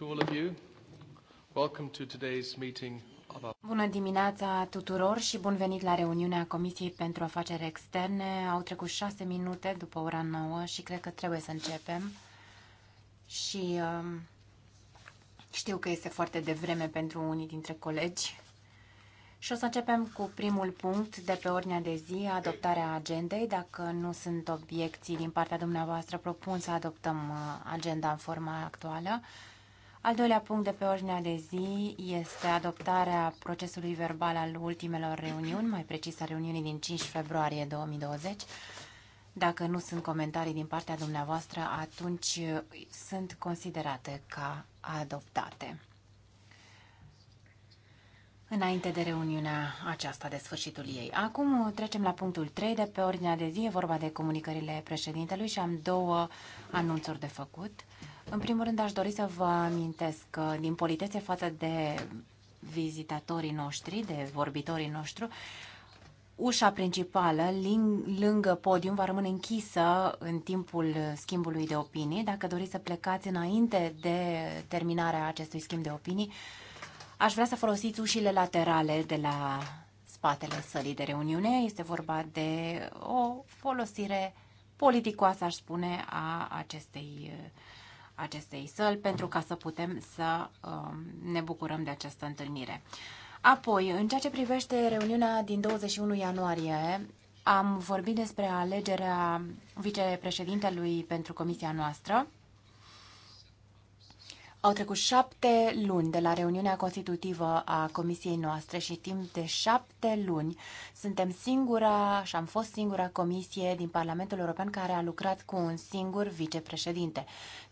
to all of you. Welcome to today's meeting Bună dimineața tuturor și bun venit la reuniunea Comisiei pentru Afaceri Externe. Au trecut șase minute după ora nouă și cred că trebuie să începem. Și um, știu că este foarte devreme pentru unii dintre colegi. Și o să începem cu primul punct de pe ordinea de zi, adoptarea agendei. Dacă nu sunt obiecții din partea dumneavoastră, propun să adoptăm uh, agenda în forma actuală. Al doilea punct de pe ordinea de zi este adoptarea procesului verbal al ultimelor reuniuni, mai precis a reuniunii din 5 februarie 2020. Dacă nu sunt comentarii din partea dumneavoastră, atunci sunt considerate ca adoptate. Înainte de reuniunea aceasta de sfârșitul ei. Acum trecem la punctul 3 de pe ordinea de zi, e vorba de comunicările președintelui și am două anunțuri de făcut. În primul rând, aș dori să vă amintesc că, din politețe față de vizitatorii noștri, de vorbitorii noștri, ușa principală, lângă podium, va rămâne închisă în timpul schimbului de opinii. Dacă doriți să plecați înainte de terminarea acestui schimb de opinii, aș vrea să folosiți ușile laterale de la spatele sălii de reuniune. Este vorba de o folosire politicoasă, aș spune, a acestei uh, acestei săli pentru ca să putem să um, ne bucurăm de această întâlnire. Apoi, în ceea ce privește reuniunea din 21 ianuarie, am vorbit despre alegerea vicepreședintelui pentru comisia noastră. Au trecut șapte luni de la reuniunea constitutivă a comisiei noastre și timp de șapte luni suntem singura și am fost singura comisie din Parlamentul European care a lucrat cu un singur vicepreședinte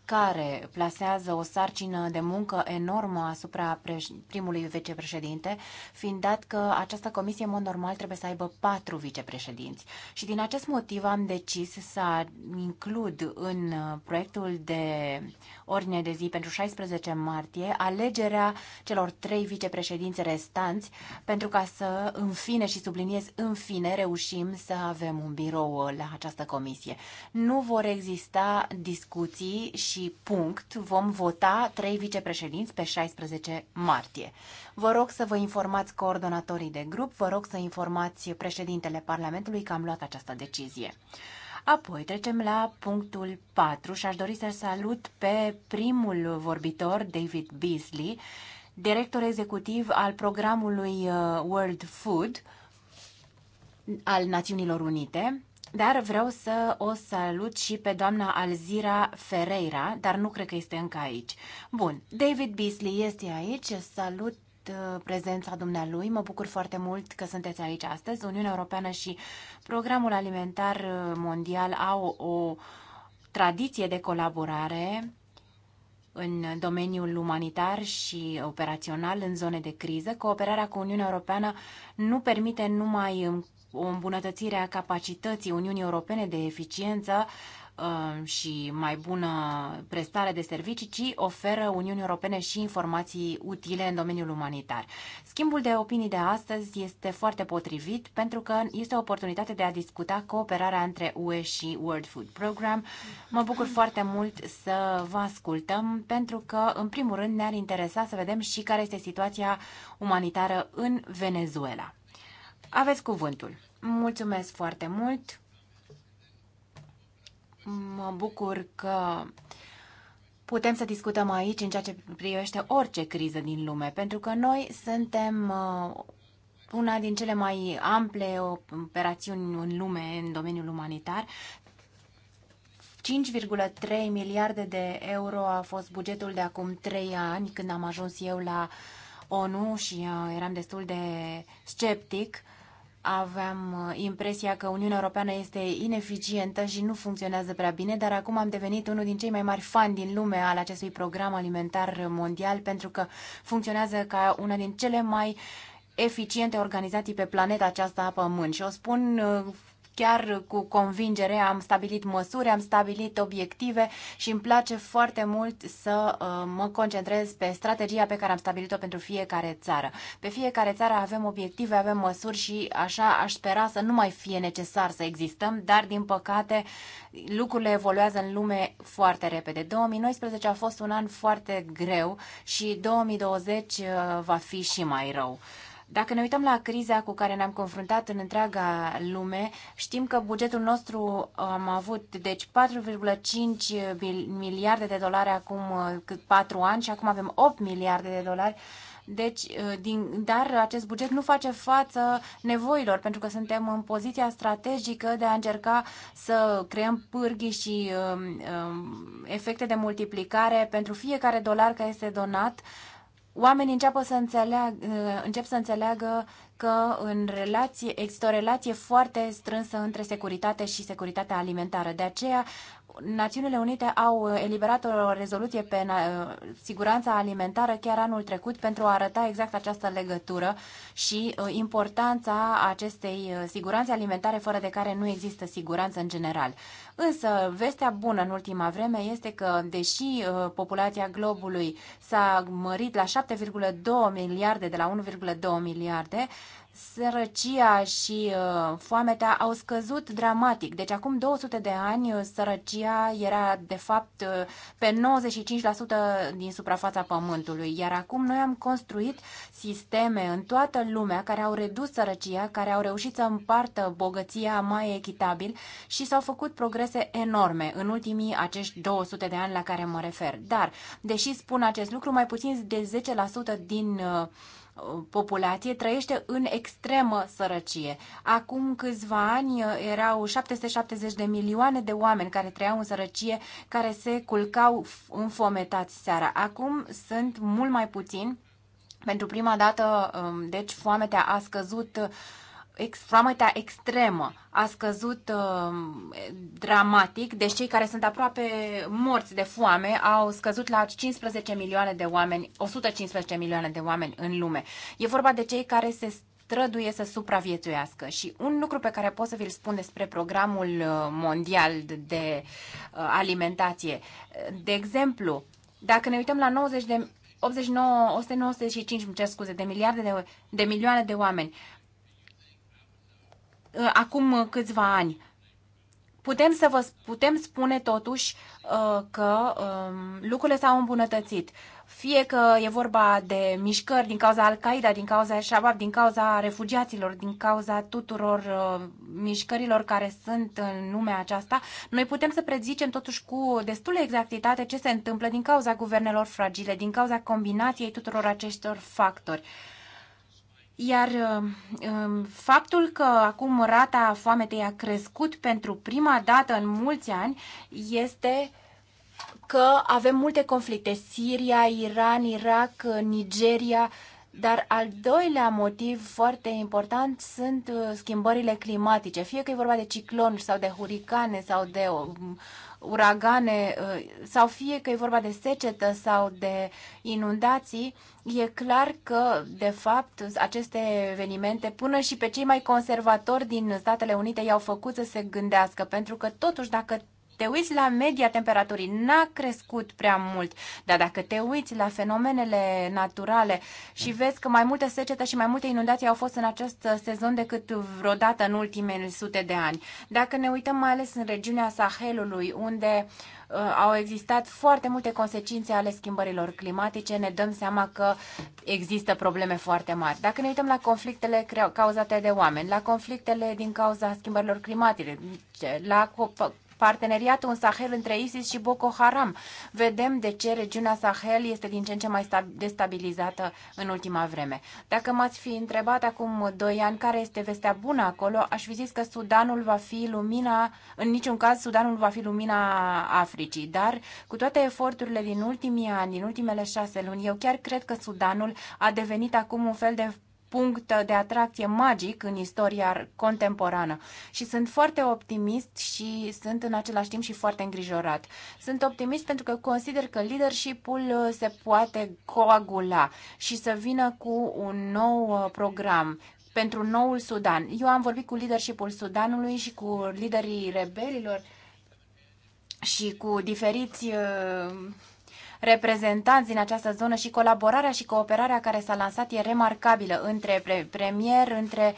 care plasează o sarcină de muncă enormă asupra primului vicepreședinte, fiind dat că această comisie, în mod normal, trebuie să aibă patru vicepreședinți. Și din acest motiv am decis să includ în uh, proiectul de ordine de zi pentru 16 martie alegerea celor trei vicepreședinți restanți, pentru ca să, în fine, și subliniez, în fine, reușim să avem un birou uh, la această comisie. Nu vor exista discuții și și punct vom vota trei vicepreședinți pe 16 martie. Vă rog să vă informați coordonatorii de grup, vă rog să informați președintele Parlamentului că am luat această decizie. Apoi trecem la punctul 4 și aș dori să salut pe primul vorbitor, David Beasley, director executiv al programului uh, World Food al Națiunilor Unite, dar vreau să o salut și pe doamna Alzira Ferreira, dar nu cred că este încă aici. Bun, David Beasley este aici, salut uh, prezența dumnealui. Mă bucur foarte mult că sunteți aici astăzi. Uniunea Europeană și Programul Alimentar uh, Mondial au o tradiție de colaborare în domeniul umanitar și operațional în zone de criză, cooperarea cu Uniunea Europeană nu permite numai o îmbunătățire a capacității Uniunii Europene de eficiență Um, și mai bună prestare de servicii, ci oferă Uniunii Europene și informații utile în domeniul umanitar. Schimbul de opinii de astăzi este foarte potrivit pentru că este o oportunitate de a discuta cooperarea între UE și World Food Program. Mă bucur foarte mult să vă ascultăm pentru că, în primul rând, ne-ar interesa să vedem și care este situația umanitară în Venezuela. Aveți cuvântul. Mulțumesc foarte mult! Mă bucur că putem să discutăm aici în ceea ce privește orice criză din lume, pentru că noi suntem uh, una din cele mai ample operațiuni în lume, în domeniul umanitar. 5,3 miliarde de euro a fost bugetul de acum 3 ani, când am ajuns eu la ONU și uh, eram destul de sceptic. Uh, aveam uh, impresia că Uniunea Europeană este ineficientă și nu funcționează prea bine, dar acum am devenit unul din cei mai mari fani din lume al acestui program alimentar mondial pentru că funcționează ca una din cele mai eficiente organizații pe planeta aceasta a Pământ. Și o spun uh, chiar cu convingere am stabilit măsuri, am stabilit obiective și îmi place foarte mult să uh, mă concentrez pe strategia pe care am stabilit-o pentru fiecare țară. Pe fiecare țară avem obiective, avem măsuri și așa aș spera să nu mai fie necesar să existăm, dar din păcate lucrurile evoluează în lume foarte repede. 2019 a fost un an foarte greu și 2020 uh, va fi și mai rău. Dacă ne uităm la criza cu care ne-am confruntat în întreaga lume, știm că bugetul nostru uh, am avut deci 4,5 miliarde de dolari acum 4 uh, ani și acum avem 8 miliarde de dolari. Deci, uh, din, dar acest buget nu face față nevoilor, pentru că suntem în poziția strategică de a încerca să creăm pârghi și uh, uh, efecte de multiplicare pentru fiecare dolar care este donat uh, oamenii înceapă să înțeleagă, uh, încep să înțeleagă că în relație, există o relație foarte strânsă între securitate și securitatea alimentară. De aceea Națiunile Unite au uh, eliberat o rezoluție pe uh, siguranța alimentară chiar anul trecut pentru a arăta exact această legătură și uh, importanța acestei siguranțe alimentare fără de care nu există siguranță în general. Însă, vestea bună în ultima vreme este că, deși populația globului s-a mărit la 7,2 miliarde de la 1,2 miliarde, sărăcia și uh, foametea au scăzut dramatic. Deci acum 200 de ani uh, sărăcia era de fapt uh, pe 95% din suprafața pământului, iar acum noi am construit sisteme în toată lumea care au redus sărăcia, care au reușit să împartă bogăția mai echitabil și s-au făcut progrese enorme în ultimii acești 200 de ani la care mă refer. Dar, deși spun acest lucru, mai puțin de 10% din uh, populație trăiește în extremă sărăcie. Acum câțiva ani uh, erau 770 de milioane de oameni care trăiau în sărăcie, care se culcau înfometați seara. Acum sunt mult mai puțini. Pentru prima dată, um, deci, foametea a scăzut uh, ex, foamea extremă a scăzut uh, dramatic, deci cei care sunt aproape morți de foame au scăzut la 15 milioane de oameni, 115 milioane de oameni în lume. E vorba de cei care se străduie să supraviețuiască. Și un lucru pe care pot să vi-l spun despre programul uh, mondial de uh, alimentație, de exemplu, dacă ne uităm la 90 de 89, 195, îmi cer scuze, de miliarde de, de milioane de oameni. Uh, acum câțiva ani. Putem să vă putem spune totuși uh, că um, lucrurile s-au îmbunătățit. Fie că e vorba de mișcări din cauza Al-Qaeda, din cauza Shabab, din cauza refugiaților, din cauza tuturor uh, mișcărilor care sunt în lumea aceasta, noi putem să prezicem totuși cu destulă exactitate ce se întâmplă din cauza guvernelor fragile, din cauza combinației tuturor acestor factori. Iar um, um, faptul că acum rata foametei a crescut pentru prima dată în mulți ani este că avem multe conflicte. Siria, Iran, Irak, Nigeria, dar al doilea motiv foarte important sunt uh, schimbările climatice. Fie că e vorba de cicloni sau de huricane sau de um, uragane uh, sau fie că e vorba de secetă sau de inundații, e clar că, de fapt, aceste evenimente până și pe cei mai conservatori din Statele Unite i-au făcut să se gândească, pentru că, totuși, dacă te uiți la media temperaturii, n-a crescut prea mult, dar dacă te uiți la fenomenele naturale și vezi că mai multe secete și mai multe inundații au fost în acest sezon decât vreodată în ultimele sute de ani. Dacă ne uităm mai ales în regiunea Sahelului, unde uh, au existat foarte multe consecințe ale schimbărilor climatice, ne dăm seama că există probleme foarte mari. Dacă ne uităm la conflictele cauzate de oameni, la conflictele din cauza schimbărilor climatice, la parteneriatul în Sahel între ISIS și Boko Haram. Vedem de ce regiunea Sahel este din ce în ce mai destabilizată în ultima vreme. Dacă m-ați fi întrebat acum doi ani care este vestea bună acolo, aș fi zis că Sudanul va fi lumina, în niciun caz Sudanul va fi lumina Africii, dar cu toate eforturile din ultimii ani, din ultimele șase luni, eu chiar cred că Sudanul a devenit acum un fel de punct de atracție magic în istoria contemporană și sunt foarte optimist și sunt în același timp și foarte îngrijorat. Sunt optimist pentru că consider că leadership-ul uh, se poate coagula și să vină cu un nou uh, program pentru noul Sudan. Eu am vorbit cu leadership-ul Sudanului și cu liderii rebelilor și cu diferiți uh, reprezentanți din această zonă și colaborarea și cooperarea care s-a lansat e remarcabilă între premier, între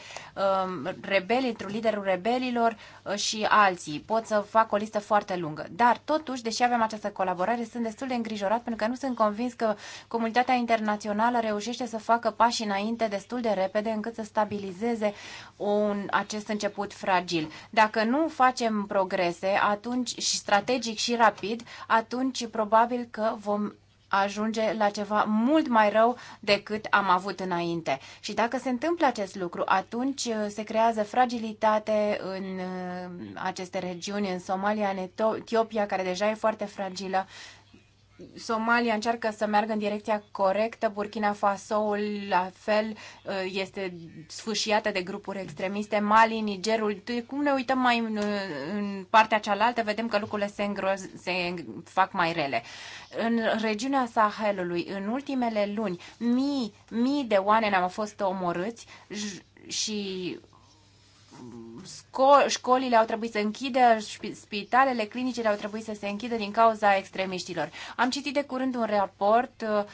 um, rebeli, între liderul rebelilor uh, și alții. Pot să fac o listă foarte lungă. Dar, totuși, deși avem această colaborare, sunt destul de îngrijorat pentru că nu sunt convins că comunitatea internațională reușește să facă pași înainte destul de repede încât să stabilizeze un, acest început fragil. Dacă nu facem progrese atunci și strategic și rapid, atunci probabil că vom vom ajunge la ceva mult mai rău decât am avut înainte. Și dacă se întâmplă acest lucru, atunci uh, se creează fragilitate în uh, aceste regiuni, în Somalia, în Etiopia, care deja e foarte fragilă, Somalia încearcă să meargă în direcția corectă, Burkina Faso la fel uh, este sfâșiată de grupuri extremiste, Mali, Nigerul. Cum ne uităm mai în, în partea cealaltă, vedem că lucrurile se, îngroz, se fac mai rele. În regiunea Sahelului, în ultimele luni, mii, mii de oameni au fost omorâți și școlile au trebuit să închidă, spitalele, clinicile au trebuit să se închidă din cauza extremiștilor. Am citit de curând un raport uh,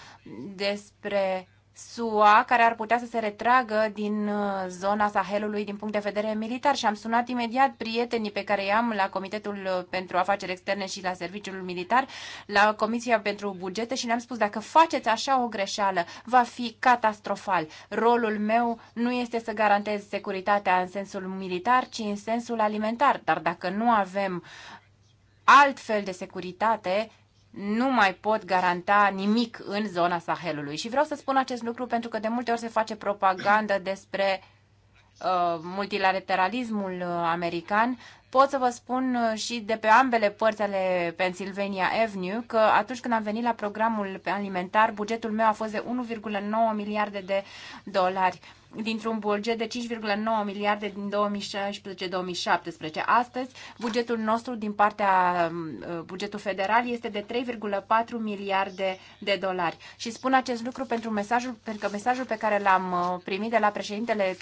despre SUA care ar putea să se retragă din uh, zona Sahelului din punct de vedere militar și am sunat imediat prietenii pe care i-am la Comitetul uh, pentru Afaceri Externe și la Serviciul Militar, la Comisia pentru Bugete și le-am spus dacă faceți așa o greșeală, va fi catastrofal. Rolul meu nu este să garantez securitatea în sensul militar, ci în sensul alimentar, dar dacă nu avem altfel de securitate, nu mai pot garanta nimic în zona Sahelului. Și vreau să spun acest lucru pentru că de multe ori se face propagandă despre uh, multilateralismul uh, american. Pot să vă spun uh, și de pe ambele părți ale Pennsylvania Avenue că atunci când am venit la programul alimentar, bugetul meu a fost de 1,9 miliarde de dolari dintr-un buget de 5,9 miliarde din 2016-2017. Astăzi, bugetul nostru din partea uh, bugetul federal este de 3,4 miliarde de dolari. Și spun acest lucru pentru mesajul, pentru că mesajul pe care l-am uh, primit de la președintele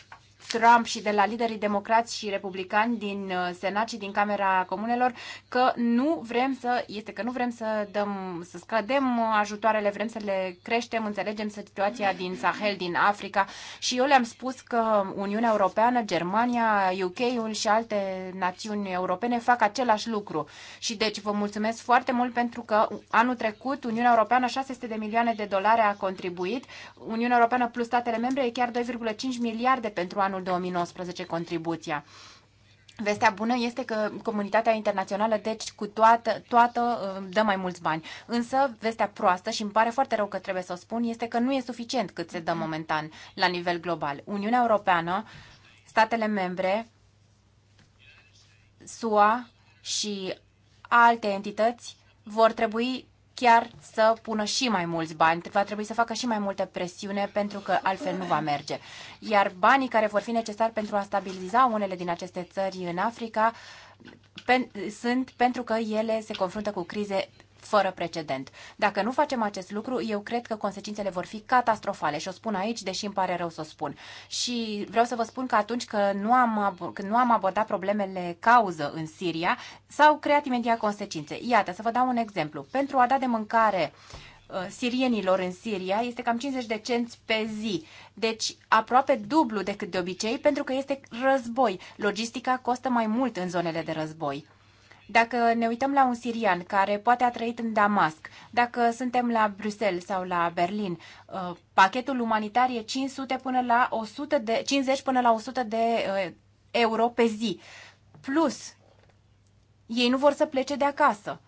Trump și de la liderii democrați și republicani din uh, Senat și din Camera Comunelor că nu vrem să, este că nu vrem să dăm, să scădem ajutoarele, vrem să le creștem, înțelegem situația din Sahel, din Africa și eu le-am spus că Uniunea Europeană, Germania, UK-ul și alte națiuni europene fac același lucru. Și deci vă mulțumesc foarte mult pentru că anul trecut Uniunea Europeană 600 de milioane de dolari a contribuit, Uniunea Europeană plus statele membre e chiar 2,5 miliarde pentru anul anul 2019 contribuția. Vestea bună este că comunitatea internațională, deci cu toată, toată, uh, dă mai mulți bani. Însă, vestea proastă, și îmi pare foarte rău că trebuie să o spun, este că nu e suficient cât se dă mm-hmm. momentan la nivel global. Uniunea Europeană, statele membre, SUA și alte entități vor trebui chiar să pună și mai mulți bani. Va trebui să facă și mai multă presiune pentru că altfel nu va merge. Iar banii care vor fi necesari pentru a stabiliza unele din aceste țări în Africa pen, sunt pentru că ele se confruntă cu crize fără precedent. Dacă nu facem acest lucru, eu cred că consecințele vor fi catastrofale și o spun aici, deși îmi pare rău să o spun. Și vreau să vă spun că atunci că nu am, când nu am abordat problemele cauză în Siria, s-au creat imediat consecințe. Iată, să vă dau un exemplu. Pentru a da de mâncare uh, sirienilor în Siria este cam 50 de cenți pe zi. Deci aproape dublu decât de obicei pentru că este război. Logistica costă mai mult în zonele de război. Dacă ne uităm la un sirian care poate a trăit în Damasc, dacă suntem la Bruxelles sau la Berlin, uh, pachetul umanitar e 500 până la 100 de, 50 până la 100 de uh, euro pe zi. Plus, ei nu vor să plece de acasă.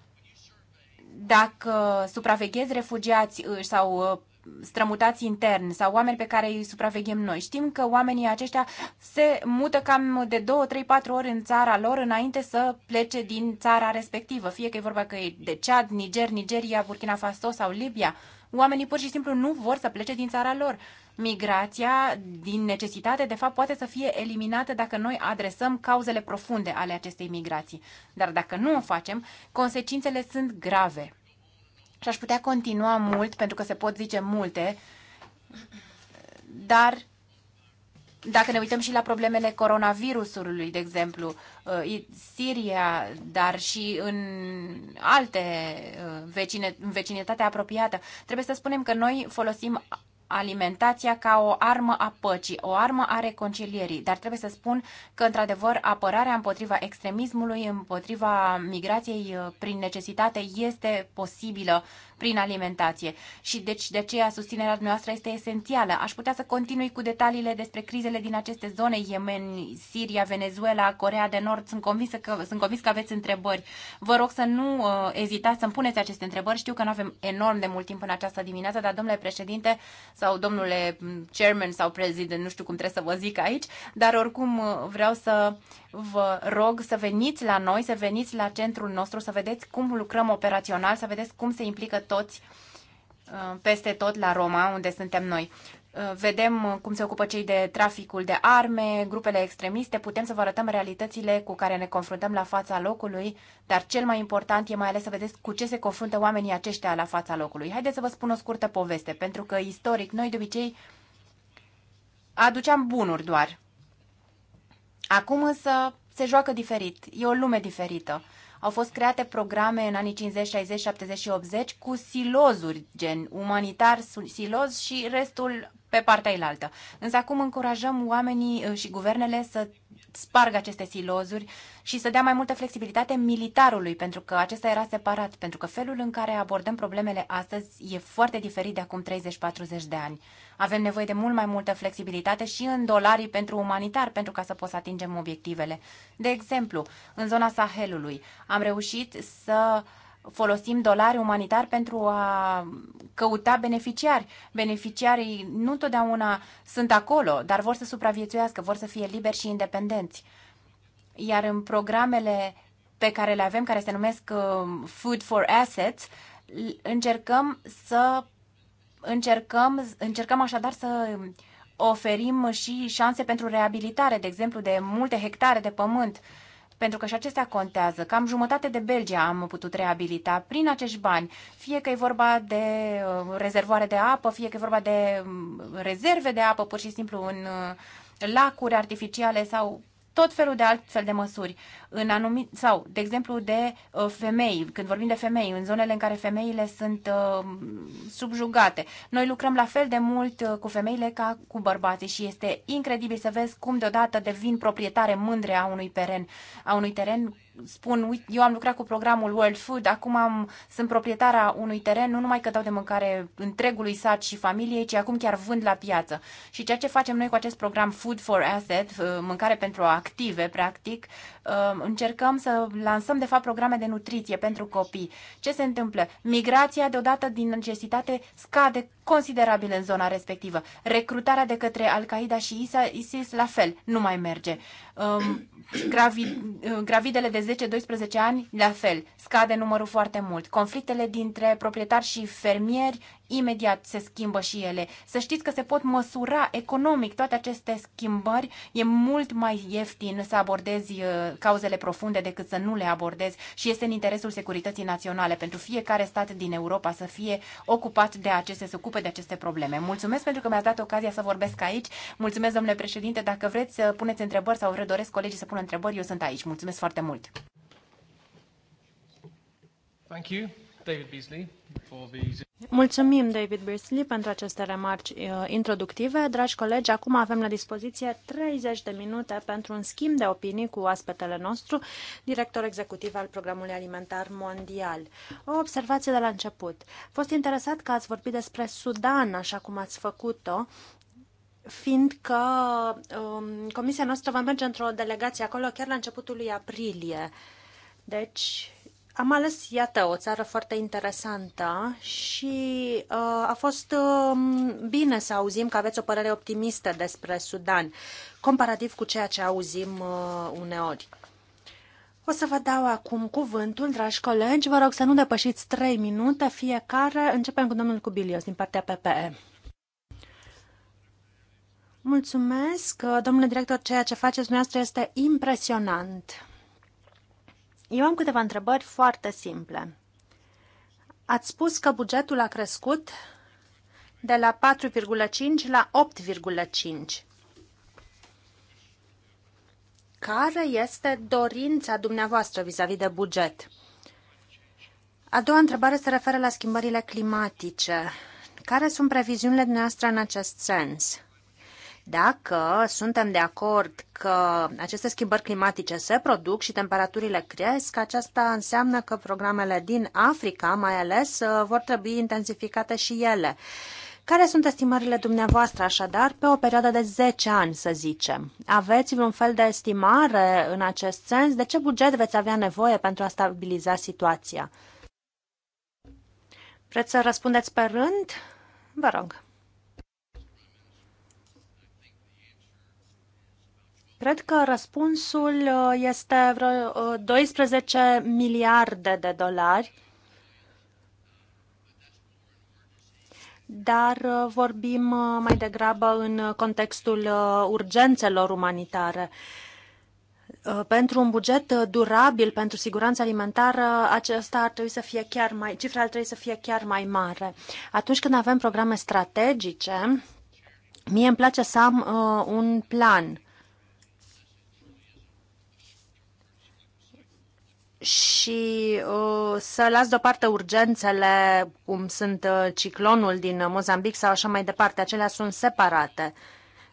Dacă supraveghezi refugiați uh, sau strămutați intern sau oameni pe care îi supraveghem noi. Știm că oamenii aceștia se mută cam de 2, 3, 4 ori în țara lor înainte să plece din țara respectivă, fie că e vorba că e de Chad, Niger, Nigeria, Burkina Faso sau Libia. Oamenii pur și simplu nu vor să plece din țara lor. Migrația, din necesitate, de fapt, poate să fie eliminată dacă noi adresăm cauzele profunde ale acestei migrații. Dar dacă nu o facem, consecințele sunt grave. Și aș putea continua mult, pentru că se pot zice multe, dar dacă ne uităm și la problemele coronavirusului, de exemplu, uh, Siria, dar și în alte uh, vecine, în vecinătatea apropiată, trebuie să spunem că noi folosim alimentația ca o armă a păcii, o armă a reconcilierii. Dar trebuie să spun că, într-adevăr, apărarea împotriva extremismului, împotriva migrației uh, prin necesitate este posibilă prin alimentație. Și deci de aceea susținerea noastră este esențială. Aș putea să continui cu detaliile despre crizele din aceste zone, Yemen, Siria, Venezuela, Corea de Nord. Sunt convins că, sunt convins că aveți întrebări. Vă rog să nu uh, ezitați să-mi puneți aceste întrebări. Știu că nu avem enorm de mult timp în această dimineață, dar, domnule președinte, sau domnule chairman sau president, nu știu cum trebuie să vă zic aici, dar oricum uh, vreau să vă rog să veniți la noi, să veniți la centrul nostru, să vedeți cum lucrăm operațional, să vedeți cum se implică toți uh, peste tot la Roma, unde suntem noi. Uh, vedem uh, cum se ocupă cei de traficul de arme, grupele extremiste, putem să vă arătăm realitățile cu care ne confruntăm la fața locului, dar cel mai important e mai ales să vedeți cu ce se confruntă oamenii aceștia la fața locului. Haideți să vă spun o scurtă poveste, pentru că istoric noi de obicei aduceam bunuri doar. Acum însă se joacă diferit, e o lume diferită. Au fost create programe în anii 50, 60, 70 și 80 cu silozuri, gen umanitar, siloz și restul pe partea ilaltă. Însă acum încurajăm oamenii uh, și guvernele să spargă aceste silozuri și să dea mai multă flexibilitate militarului, pentru că acesta era separat, pentru că felul în care abordăm problemele astăzi e foarte diferit de acum 30-40 de ani. Avem nevoie de mult mai multă flexibilitate și în dolarii pentru umanitar, pentru ca să poți atingem obiectivele. De exemplu, în zona Sahelului am reușit să uh, folosim dolari umanitari pentru a căuta beneficiari. Beneficiarii nu întotdeauna sunt acolo, dar vor să supraviețuiască, vor să fie liberi și independenți. Iar în programele pe care le avem, care se numesc uh, Food for Assets, încercăm să încercăm, încercăm așadar să oferim și șanse pentru reabilitare, de exemplu, de multe hectare de pământ pentru că și acestea contează. Cam jumătate de Belgia am putut reabilita prin acești bani, fie că e vorba de uh, rezervoare de apă, fie că e vorba de mm, rezerve de apă, pur și simplu în uh, lacuri artificiale sau tot felul de altfel de măsuri în anumit, sau, de exemplu, de uh, femei, când vorbim de femei, în zonele în care femeile sunt uh, subjugate. Noi lucrăm la fel de mult uh, cu femeile ca cu bărbații și este incredibil să vezi cum deodată devin proprietare mândre a unui teren, a unui teren spun, eu am lucrat cu programul World Food, acum am, sunt proprietara unui teren, nu numai că dau de mâncare întregului sat și familiei, ci acum chiar vând la piață. Și ceea ce facem noi cu acest program Food for Asset, uh, mâncare pentru active, practic, uh, încercăm să lansăm, de fapt, programe de nutriție pentru copii. Ce se întâmplă? Migrația, deodată, din necesitate, scade considerabil în zona respectivă. Recrutarea de către Al-Qaeda și ISIS, la fel, nu mai merge. Um, gravid, uh, gravidele de 10-12 ani, la fel, scade numărul foarte mult. Conflictele dintre proprietari și fermieri imediat se schimbă și ele. Să știți că se pot măsura economic toate aceste schimbări. E mult mai ieftin să abordezi uh, cauzele profunde decât să nu le abordezi și este în interesul securității naționale pentru fiecare stat din Europa să fie ocupat de aceste, să ocupe de aceste probleme. Mulțumesc pentru că mi-ați dat ocazia să vorbesc aici. Mulțumesc, domnule președinte. Dacă vreți să puneți întrebări sau redoresc colegii să pună întrebări, eu sunt aici. Mulțumesc foarte mult. Thank you. David Beasley for Mulțumim, David Beasley, pentru aceste remarci uh, introductive. Dragi colegi, acum avem la dispoziție 30 de minute pentru un schimb de opinii cu oaspetele nostru, director executiv al Programului Alimentar Mondial. O observație de la început. fost interesat că ați vorbit despre Sudan, așa cum ați făcut-o, fiindcă um, comisia noastră va merge într-o delegație acolo chiar la începutul lui aprilie. Deci, am ales, iată, o țară foarte interesantă și uh, a fost uh, bine să auzim că aveți o părere optimistă despre Sudan, comparativ cu ceea ce auzim uh, uneori. O să vă dau acum cuvântul, dragi colegi. Vă rog să nu depășiți 3 minute fiecare. Începem cu domnul Cubilios din partea PPE. Mulțumesc, domnule director, ceea ce faceți dumneavoastră este impresionant. Eu am câteva întrebări foarte simple. Ați spus că bugetul a crescut de la 4,5 la 8,5. Care este dorința dumneavoastră vis-a-vis -vis de buget? A doua întrebare se referă la schimbările climatice. Care sunt previziunile noastre în acest sens? Dacă suntem de acord că aceste schimbări climatice se produc și temperaturile cresc, aceasta înseamnă că programele din Africa, mai ales, uh, vor trebui intensificate și ele. Care sunt estimările dumneavoastră, așadar, pe o perioadă de 10 ani, să zicem? Aveți vreun fel de estimare în acest sens? De ce buget veți avea nevoie pentru a stabiliza situația? Vreți să răspundeți pe rând? Vă rog. Cred că răspunsul uh, este vreo 12 uh, miliarde de dolari, dar uh, vorbim mai degrabă în contextul urgențelor umanitare. Pentru un buget durabil, pentru siguranța alimentară, acesta ar trebui să fie chiar mai, cifra ar trebui să fie chiar mai mare. Atunci când avem programe strategice, mie îmi place să am uh, un plan și uh, să las deoparte urgențele, cum sunt uh, ciclonul din Mozambic sau așa mai departe, acelea sunt separate.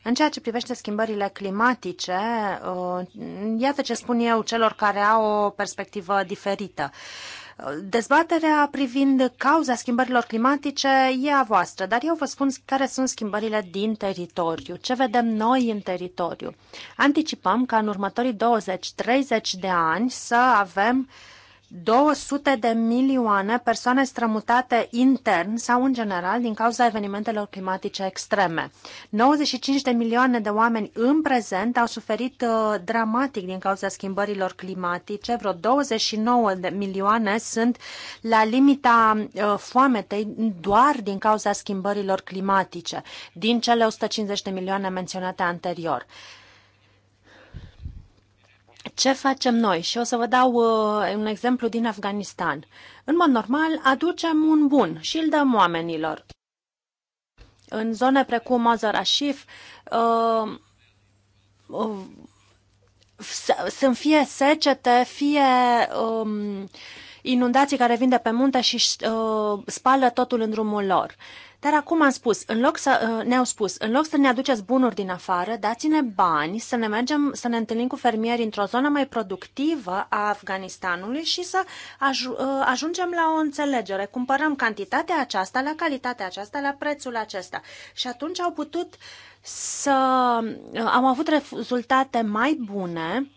În ceea ce privește schimbările climatice, uh, iată ce spun eu celor care au o perspectivă diferită. Uh, Dezbaterea privind cauza schimbărilor climatice e a voastră, dar eu vă spun care sunt schimbările din teritoriu, ce vedem noi în teritoriu. Anticipăm ca în următorii 20-30 de ani să avem uh, 200 de milioane persoane strămutate intern sau în general din cauza evenimentelor climatice extreme. 95 de milioane de oameni în prezent au suferit uh, dramatic din cauza schimbărilor climatice. Vreo 29 de milioane sunt la limita uh, foametei doar din cauza schimbărilor climatice, din cele 150 de milioane menționate anterior ce facem noi? Și o să vă dau uh, un exemplu din Afganistan. În mod normal, aducem un bun și îl dăm oamenilor. În zone precum Mazar Ashif, uh, uh, sunt fie secete, fie um, inundații care vin de pe munte și uh, spală totul în drumul lor. Dar acum am spus, în loc să, uh, ne-au spus, în loc să ne aduceți bunuri din afară, dați-ne bani să ne mergem, să ne întâlnim cu fermieri într-o zonă mai productivă a Afganistanului și să uh, ajungem la o înțelegere. Cumpărăm cantitatea aceasta, la calitatea aceasta, la prețul acesta. Și atunci au putut să, uh, au avut rezultate mai bune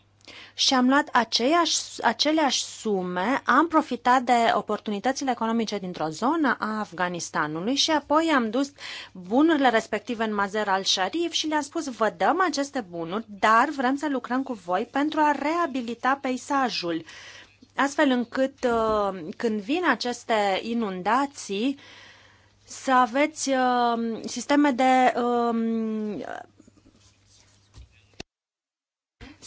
și am luat aceiași, aceleași sume, am profitat de oportunitățile economice dintr-o zonă a Afganistanului și apoi am dus bunurile respective în Mazer al-Sharif și le-am spus vă dăm aceste bunuri, dar vrem să lucrăm cu voi pentru a reabilita peisajul. Astfel încât uh, când vin aceste inundații, să aveți uh, sisteme de uh,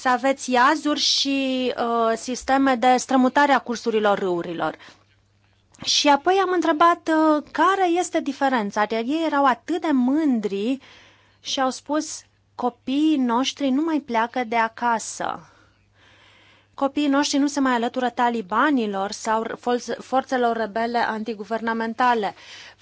să aveți iazuri și uh, sisteme de strămutare a cursurilor râurilor. Și apoi am întrebat uh, care este diferența. Iar adică ei erau atât de mândri și au spus copiii noștri nu mai pleacă de acasă copiii noștri nu se mai alătură talibanilor sau forțelor rebele antiguvernamentale.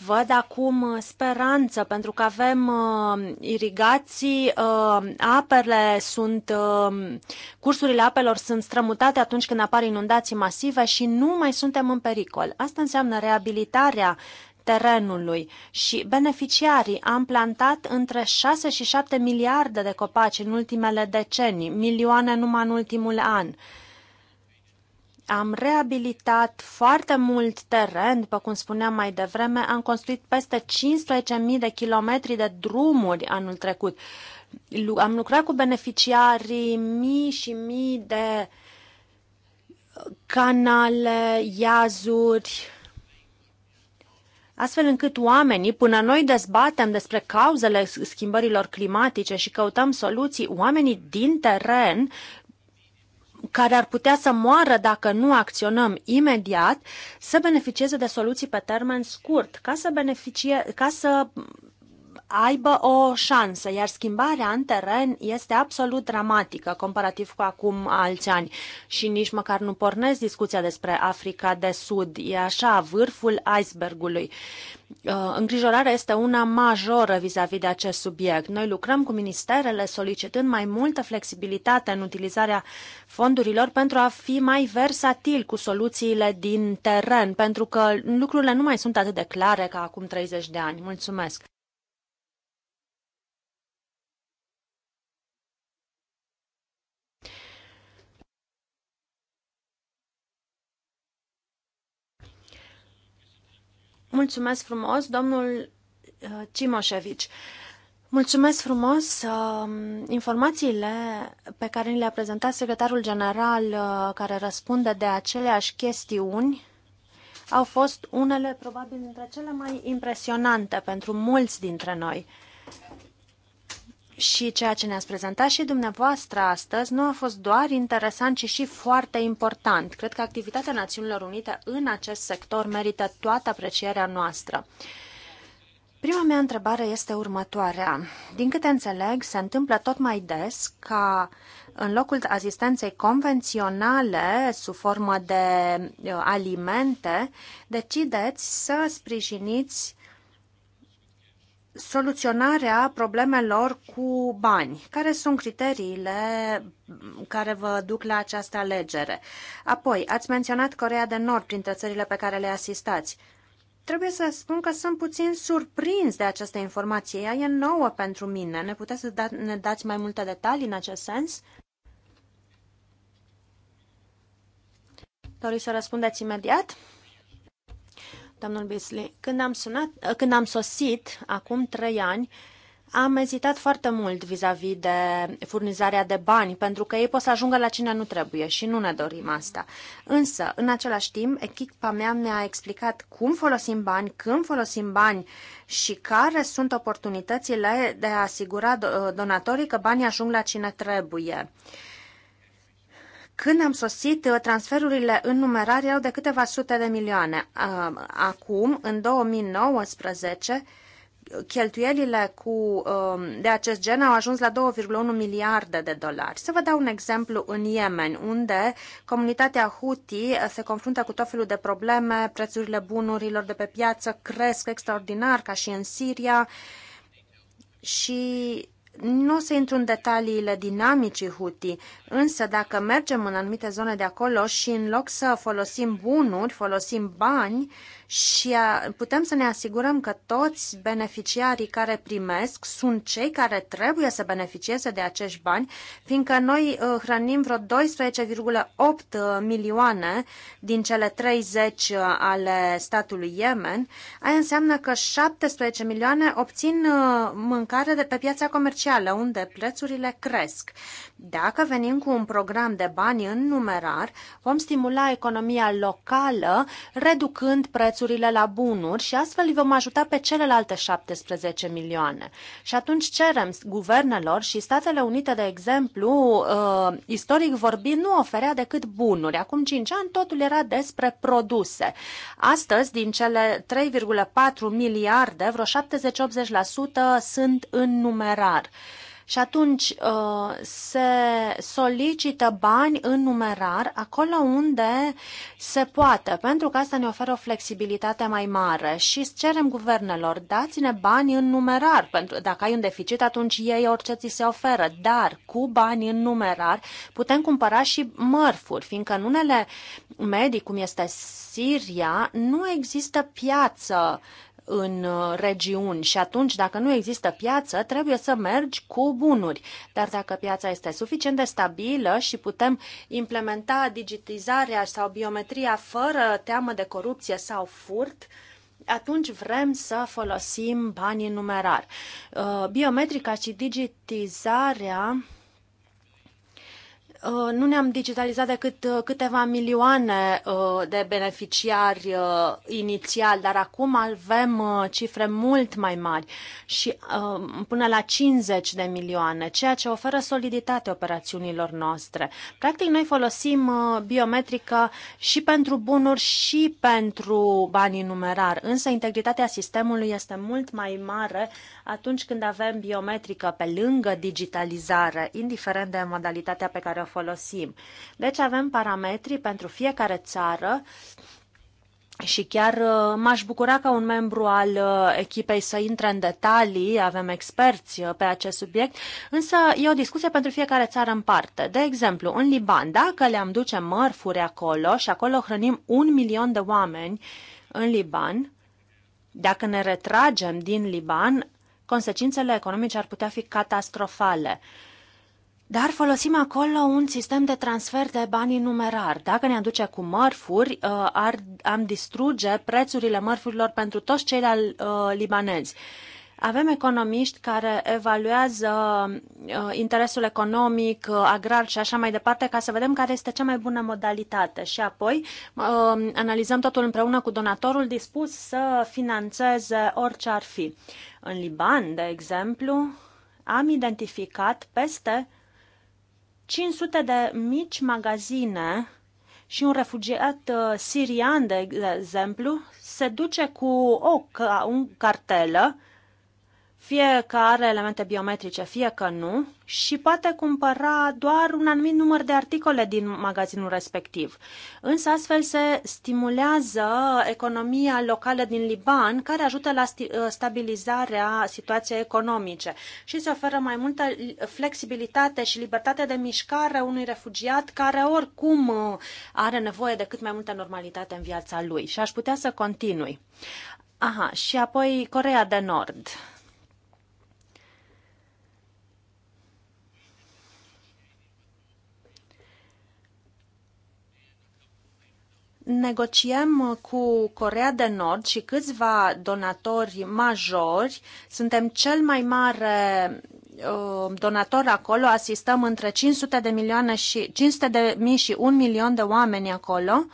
Văd acum uh, speranță pentru că avem uh, irigații, uh, apele sunt, uh, cursurile apelor sunt strămutate atunci când apar inundații masive și nu mai suntem în pericol. Asta înseamnă reabilitarea terenului și beneficiarii am plantat între 6 și 7 miliarde de copaci în ultimele decenii, milioane numai în ultimul an. Am reabilitat foarte mult teren, după cum spuneam mai devreme, am construit peste 15.000 de kilometri de drumuri anul trecut. Am lucrat cu beneficiarii mii și mii de canale, iazuri, astfel încât oamenii, până noi dezbatem despre cauzele schimbărilor climatice și căutăm soluții, oamenii din teren care ar putea să moară dacă nu acționăm imediat, să beneficieze de soluții pe termen scurt, ca să, beneficie, ca să aibă o șansă, iar schimbarea în teren este absolut dramatică comparativ cu acum alți ani. Și nici măcar nu pornesc discuția despre Africa de Sud, e așa, vârful icebergului. Uh, îngrijorarea este una majoră vis-a-vis -vis de acest subiect. Noi lucrăm cu ministerele solicitând mai multă flexibilitate în utilizarea fondurilor pentru a fi mai versatil cu soluțiile din teren, pentru că lucrurile nu mai sunt atât de clare ca acum 30 de ani. Mulțumesc! Mulțumesc frumos, domnul uh, Cimoșevici. Mulțumesc frumos! Um, informațiile pe care ni le-a prezentat secretarul general uh, care răspunde de aceleași chestiuni au fost unele probabil dintre cele mai impresionante pentru mulți dintre noi. Și ceea ce ne-ați prezentat și dumneavoastră astăzi nu a fost doar interesant, ci și foarte important. Cred că activitatea Națiunilor Unite în acest sector merită toată aprecierea noastră. Prima mea întrebare este următoarea. Din câte înțeleg, se întâmplă tot mai des ca în locul asistenței convenționale sub formă de uh, alimente, decideți să sprijiniți soluționarea problemelor cu bani. Care sunt criteriile care vă duc la această alegere? Apoi, ați menționat Corea de Nord printre țările pe care le asistați. Trebuie să spun că sunt puțin surprins de această informație. Ea e nouă pentru mine. Ne puteți să da, ne dați mai multe detalii în acest sens? Doriți să răspundeți imediat? domnul Bisley. Când am, sunat, ă, când am sosit, acum trei ani, am ezitat foarte mult vis-a-vis -vis de furnizarea de bani, pentru că ei pot să ajungă la cine nu trebuie și nu ne dorim asta. Însă, în același timp, echipa mea mi-a explicat cum folosim bani, când folosim bani și care sunt oportunitățile de a asigura donatorii că banii ajung la cine trebuie. Uh, când am sosit, uh, transferurile în numerar erau de câteva sute de milioane. Uh, acum, în 2019, cheltuielile cu, um, de acest gen au ajuns la 2,1 miliarde de dolari. Să vă dau un exemplu în Yemen, unde comunitatea Houthi uh, se confruntă cu tot felul de probleme, prețurile bunurilor de pe piață cresc extraordinar, ca și în Siria, și nu o să intru în detaliile dinamicii Huti, însă dacă mergem în anumite zone de acolo și în loc să folosim bunuri, folosim bani, uh, și putem să ne asigurăm că toți beneficiarii care primesc sunt cei care trebuie să beneficieze de acești bani, fiindcă noi uh, hrănim vreo 12,8 uh, milioane din cele 30 uh, ale statului Yemen. Aia înseamnă că 17 milioane obțin mâncare de pe piața comercială, unde prețurile cresc. Dacă venim cu un program de bani în numerar, vom stimula economia locală, reducând prețurile prețurile la bunuri și astfel îi vom ajuta pe celelalte 17 milioane. Și atunci cerem guvernelor și Statele Unite, de exemplu, uh, istoric vorbind, nu oferea decât bunuri. Acum 5 ani totul era despre produse. Astăzi, din cele 3,4 miliarde, vreo 70-80% sunt în numerar. Uh, și atunci uh, se solicită bani în numerar acolo unde se poate, pentru că asta ne oferă o flexibilitate mai mare și cerem guvernelor, dați-ne bani în numerar, pentru dacă ai un deficit, atunci ei orice ți se oferă, dar cu bani în numerar putem cumpăra și mărfuri, fiindcă în unele medii, cum este Siria, nu există piață în uh, regiuni și atunci, dacă nu există piață, trebuie să mergi cu bunuri. Dar dacă piața este suficient de stabilă și putem implementa digitizarea sau biometria fără teamă de corupție sau furt, atunci vrem să folosim banii în numerar. Uh, biometrica și digitizarea Uh, nu ne-am digitalizat decât uh, câteva milioane uh, de beneficiari inițial, dar acum avem cifre mult mai mari și până la 50 de milioane, ceea ce oferă soliditate operațiunilor noastre. Practic, noi folosim biometrică și pentru bunuri și pentru banii numerar, însă integritatea sistemului este mult mai mare atunci când avem biometrică pe lângă digitalizare, indiferent de modalitatea pe care o folosim. Deci avem parametri pentru fiecare țară și chiar uh, m-aș bucura ca un membru al uh, echipei să intre în detalii, avem experți uh, pe acest subiect, însă e o discuție pentru fiecare țară în parte. De exemplu, în Liban, dacă le-am duce mărfuri acolo și acolo hrănim un milion de oameni în Liban, dacă ne retragem din Liban, consecințele economice ar putea fi catastrofale. Dar folosim acolo un sistem de transfer de bani numerar. Dacă ne aduce cu mărfuri, uh, ar, am distruge prețurile mărfurilor pentru toți ceilalți uh, libanezi. Avem economiști care evaluează uh, interesul economic, agrar și așa mai departe, ca să vedem care este cea mai bună modalitate. Și apoi analizăm totul împreună cu donatorul dispus să financeze orice ar fi. În Liban, de exemplu, am identificat peste 500 de mici magazine și un refugiat uh, sirian, de exemplu, se duce cu o un cartelă fie că are elemente biometrice, fie că nu, și poate cumpăra doar un anumit număr de articole din magazinul respectiv. Însă astfel se stimulează economia locală din Liban, care ajută la ă, stabilizarea situației economice și se oferă mai multă flexibilitate și libertate de mișcare unui refugiat care oricum ă, are nevoie de cât mai multă normalitate în viața lui. Și aș putea să continui. Aha, și apoi Corea de Nord. negociem uh, cu Corea de Nord și câțiva donatori majori. Suntem cel mai mare uh, donator acolo, asistăm între 500 de milioane și 500 de mii și 1 milion de oameni acolo. Uh,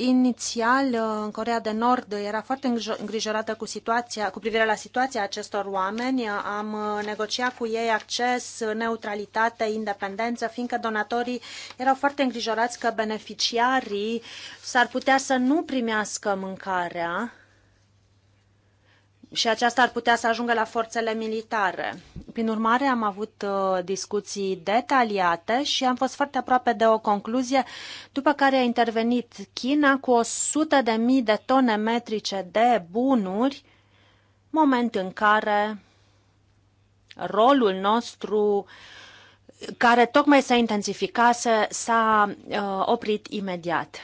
Inițial, uh, în Corea de Nord era foarte îngrijorată cu, situația, cu privire la situația acestor oameni. Am uh, negociat cu ei acces, neutralitate, independență, fiindcă donatorii erau foarte îngrijorați că beneficiarii s-ar putea să nu primească mâncarea și aceasta ar putea să ajungă la forțele militare. Prin urmare, am avut uh, discuții detaliate și am fost foarte aproape de o concluzie, după care a intervenit China cu 100 de mii de tone metrice de bunuri, moment în care rolul nostru care tocmai s-a intensificat, s-a uh, oprit imediat.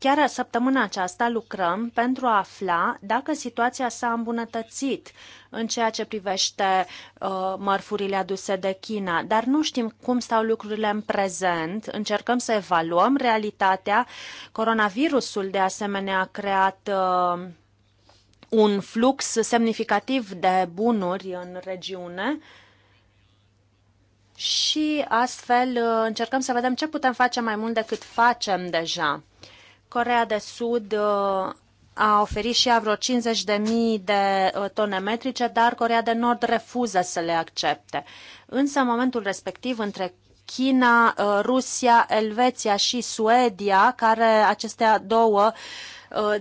Chiar săptămâna aceasta lucrăm pentru a afla dacă situația s-a îmbunătățit în ceea ce privește uh, mărfurile aduse de China, dar nu știm cum stau lucrurile în prezent. Încercăm să evaluăm realitatea. Coronavirusul, de asemenea, a creat uh, un flux semnificativ de bunuri în regiune. Și astfel uh, încercăm să vedem ce putem face mai mult decât facem deja. Corea de Sud uh, a oferit și ea vreo 50.000 de uh, tone metrice, dar Corea de Nord refuză să le accepte. Însă, în momentul respectiv, între China, uh, Rusia, Elveția și Suedia, care acestea două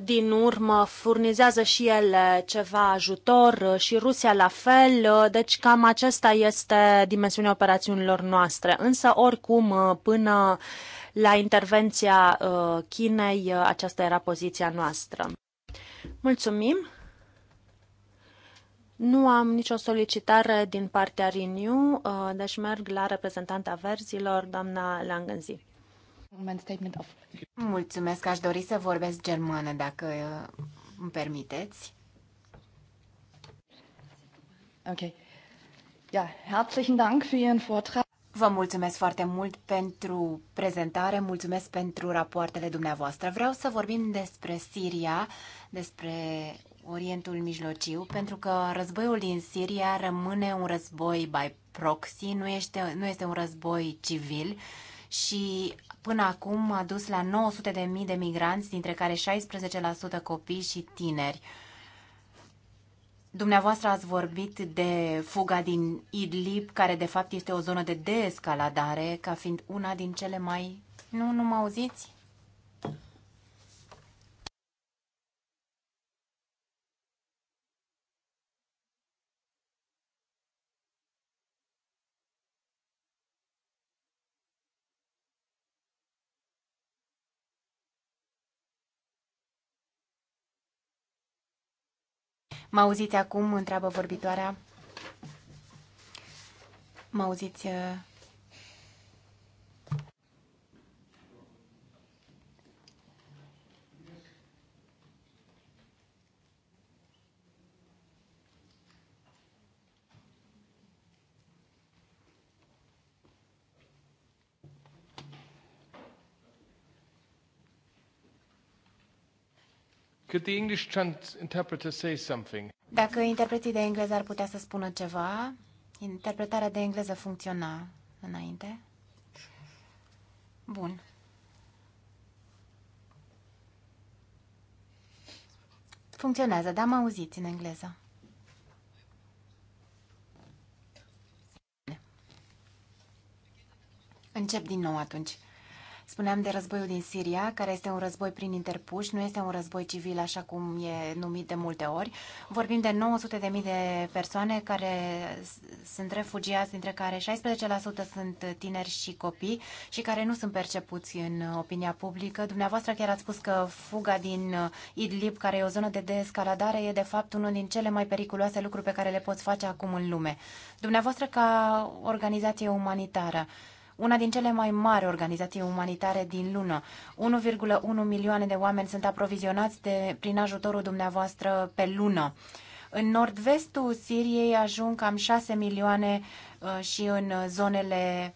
din urmă furnizează și ele ceva ajutor și Rusia la fel, deci cam acesta este dimensiunea operațiunilor noastre. Însă, oricum, până la intervenția uh, Chinei, uh, aceasta era poziția noastră. Mulțumim! Nu am nicio solicitare din partea Renew, uh, deci merg la reprezentanta verzilor, doamna Langenzi. Mulțumesc, aș dori să vorbesc germană, dacă îmi permiteți. Ok. Ja, herzlichen Dank für Ihren Vortrag. Vă mulțumesc foarte mult pentru prezentare, mulțumesc pentru rapoartele dumneavoastră. Vreau să vorbim despre Siria, despre Orientul Mijlociu, pentru că războiul din Siria rămâne un război by proxy, nu este, nu este un război civil și până acum a dus la 900.000 de migranți, dintre care 16% copii și tineri. Dumneavoastră ați vorbit de fuga din Idlib, care de fapt este o zonă de deescaladare, ca fiind una din cele mai... Nu, nu mă auziți? Mă auziți acum? Întreabă vorbitoarea. Mă auziți uh, Could the English interpreter say something? Dacă interpreții de engleză ar putea să spună ceva, interpretarea de engleză funcționa înainte. Bun. Funcționează, da, mă auziți în engleză. Încep din nou atunci. Spuneam de războiul din Siria, care este un război prin interpuși, nu este un război civil așa cum e numit de multe ori. Vorbim de 900.000 de persoane care sunt refugiați, dintre care 16% sunt tineri și copii și care nu sunt percepuți în opinia publică. Dumneavoastră chiar ați spus că fuga din Idlib, care e o zonă de descaladare, e de fapt unul din cele mai periculoase lucruri pe care le poți face acum în lume. Dumneavoastră ca organizație umanitară, una din cele mai mari organizații umanitare din lună. 1,1 milioane de oameni sunt aprovizionați de, prin ajutorul dumneavoastră pe lună. În nord-vestul Siriei ajung cam 6 milioane uh, și în zonele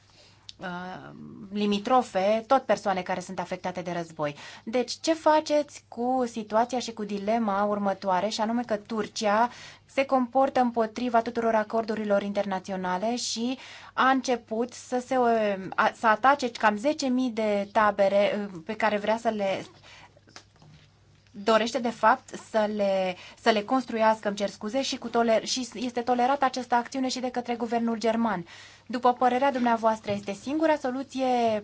Uh, limitrofe, tot persoane care sunt afectate de război. Deci, ce faceți cu situația și cu dilema următoare, și anume că Turcia se comportă împotriva tuturor acordurilor internaționale și a început să, se, uh, să atace cam 10.000 de tabere uh, pe care vrea să le dorește de fapt să le, să le construiască, îmi cer scuze, și, cu toler- și este tolerată această acțiune și de către guvernul german. După părerea dumneavoastră, este singura soluție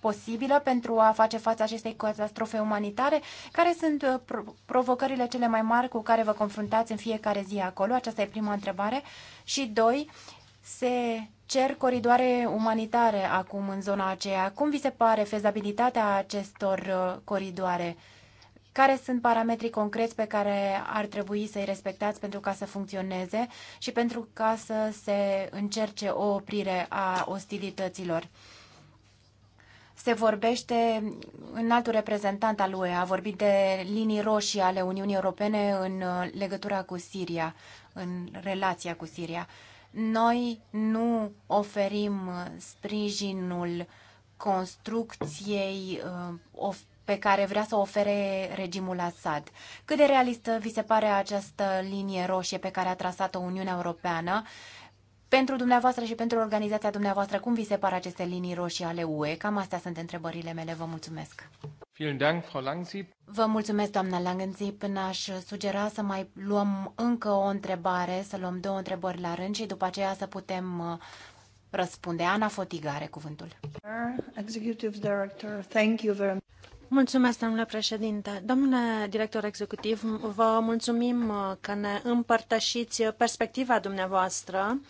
posibilă pentru a face față acestei catastrofe umanitare? Care sunt uh, provocările cele mai mari cu care vă confruntați în fiecare zi acolo? Aceasta e prima întrebare. Și doi, se cer coridoare umanitare acum în zona aceea. Cum vi se pare fezabilitatea acestor uh, coridoare? care sunt parametrii concreți pe care ar trebui să-i respectați pentru ca să funcționeze și pentru ca să se încerce o oprire a ostilităților. Se vorbește, în altul reprezentant al UE a vorbit de linii roșii ale Uniunii Europene în uh, legătura cu Siria, în relația cu Siria. Noi nu oferim uh, sprijinul construcției uh, of pe care vrea să o ofere regimul Assad. Cât de realistă vi se pare această linie roșie pe care a trasat-o Uniunea Europeană? Pentru dumneavoastră și pentru organizația dumneavoastră, cum vi se par aceste linii roșii ale UE? Cam astea sunt întrebările mele. Vă mulțumesc! Vă mulțumesc, doamna Langenzip. N-aș sugera să mai luăm încă o întrebare, să luăm două întrebări la rând și după aceea să putem uh, răspunde. Ana Fotiga are cuvântul. Executive Director, thank you very Mulțumesc, domnule președinte. Domnule director executiv, vă mulțumim uh, că ne împărtășiți perspectiva dumneavoastră.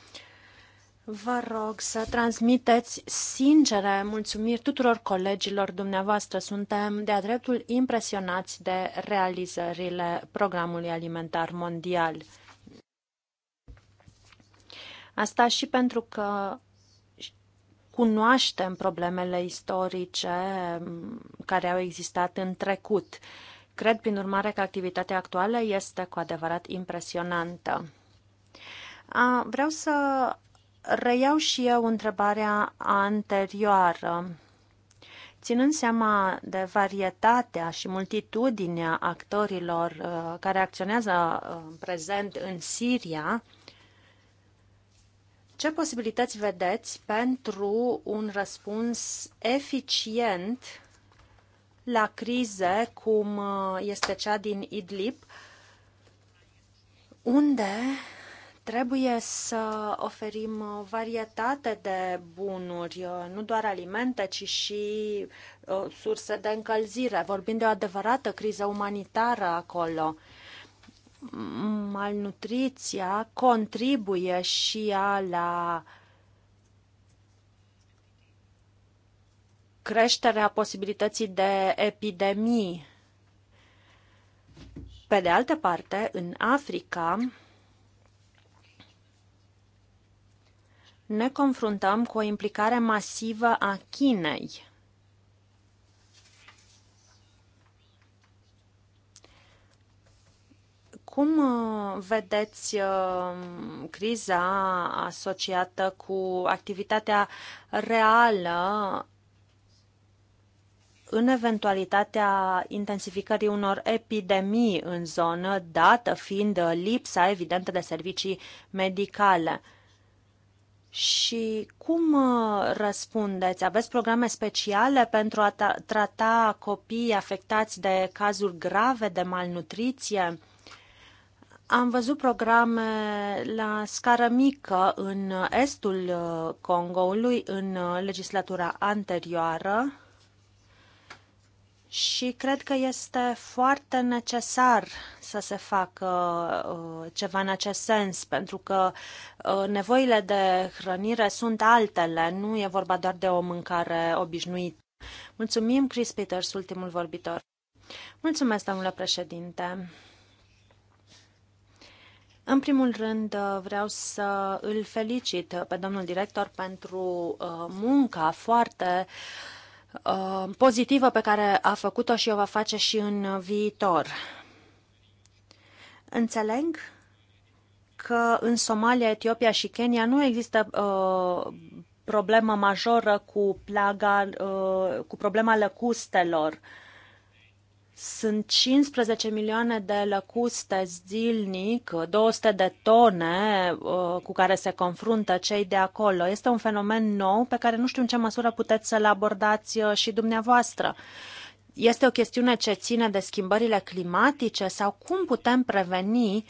Vă rog să transmiteți sincere mulțumiri tuturor colegilor dumneavoastră. Suntem de-a dreptul impresionați de realizările Programului Alimentar Mondial. Asta și pentru că cunoaștem problemele istorice care au existat în trecut. Cred, prin urmare, că activitatea actuală este cu adevărat impresionantă. vreau să reiau și eu întrebarea anterioară. Ținând seama de varietatea și multitudinea actorilor uh, care acționează uh, în prezent în Siria, ce posibilități vedeți pentru un răspuns eficient la crize cum uh, este cea din Idlib, unde trebuie să oferim uh, varietate de bunuri, uh, nu doar alimente, ci și surse de încălzire. vorbind de o adevărată criză umanitară acolo malnutriția contribuie și ea la creșterea posibilității de epidemii. Pe de altă parte, în Africa ne confruntăm cu o implicare masivă a Chinei Cum uh, vedeți uh, criza asociată cu activitatea reală în eventualitatea intensificării unor epidemii în zonă, dată fiind uh, lipsa evidentă de servicii medicale? Și cum răspundeți? Aveți programe speciale pentru a trata copiii afectați de cazuri grave de malnutriție? Am văzut programe la scară mică în estul uh, Congoului, în uh, legislatura anterioară și cred că este foarte necesar să se facă uh, ceva în acest sens, pentru că nevoile de hrănire sunt altele, nu e vorba doar de o mâncare obișnuită. Mulțumim, Chris Peters, ultimul vorbitor. Mulțumesc, domnule președinte. În primul rând, uh, vreau să îl felicit pe domnul director pentru uh, munca foarte uh, pozitivă pe care a făcut-o și o va face și în viitor. Înțeleg că în Somalia, Etiopia și Kenya nu există problemă majoră cu plaga, cu problema lăcustelor. Sunt 15 milioane de lăcuste zilnic, 200 de tone uh, cu care se confruntă cei de acolo. Este un fenomen nou pe care nu știu în ce măsură puteți să-l abordați uh, și dumneavoastră. Este o chestiune ce ține de schimbările climatice sau cum putem preveni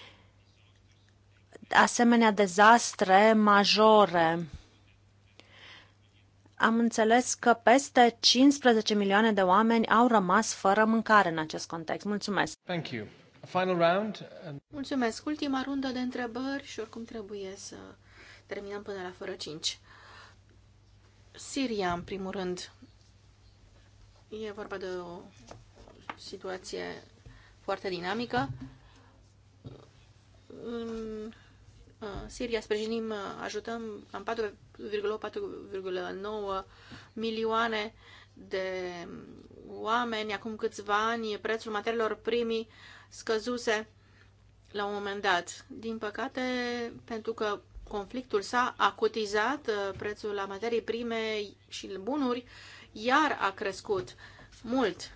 asemenea dezastre majore? am înțeles că peste 15 milioane de oameni au rămas fără mâncare în acest context. Mulțumesc! Thank you. A final round and... Mulțumesc! Ultima rundă de întrebări și oricum trebuie să terminăm până la fără 5. Siria, în primul rând, e vorba de o situație foarte dinamică. În Uh, Siria sprijinim, uh, ajutăm cam 4,8-4,9 milioane de um, oameni. Acum câțiva ani prețul materiilor primii scăzuse la un moment dat. Din păcate, pentru că conflictul s-a acutizat, uh, prețul la materii prime și bunuri iar a crescut mult.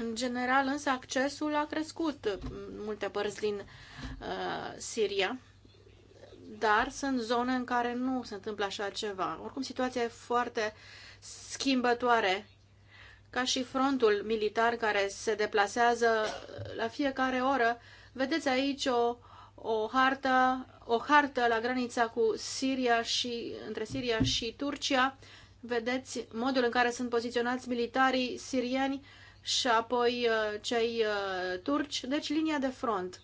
În general, însă, accesul a crescut în multe părți din uh, Siria, dar sunt zone în care nu se întâmplă așa ceva. Oricum, situația e foarte schimbătoare, ca și frontul militar care se deplasează la fiecare oră. Vedeți aici o, o hartă, o hartă la granița cu Siria și între Siria și Turcia. Vedeți modul în care sunt poziționați militarii sirieni și apoi uh, cei uh, turci, deci linia de front.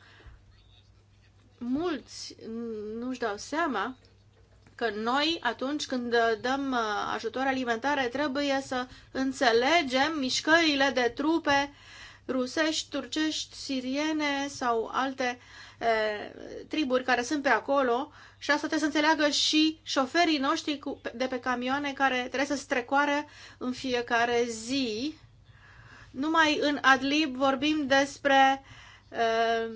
Mulți nu-și dau seama că noi, atunci când uh, dăm ajutor alimentare, trebuie să înțelegem mișcările de trupe rusești, turcești, siriene sau alte e, triburi care sunt pe acolo și asta trebuie să înțeleagă și șoferii noștri de pe camioane care trebuie să strecoare în fiecare zi numai în Adlib vorbim despre uh,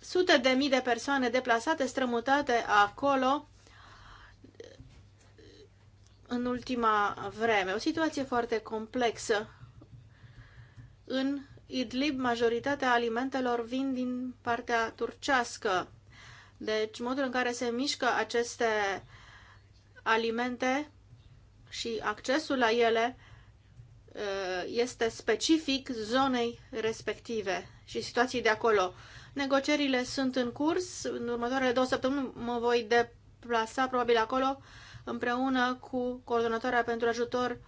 sute de mii de persoane deplasate, strămutate acolo în ultima vreme. O situație foarte complexă. În Idlib, majoritatea alimentelor vin din partea turcească. Deci, modul în care se mișcă aceste alimente și accesul la ele Uh, este specific zonei respective și situației de acolo. Negocierile sunt în curs. În următoarele două săptămâni mă voi deplasa probabil acolo împreună cu coordonatoarea pentru ajutor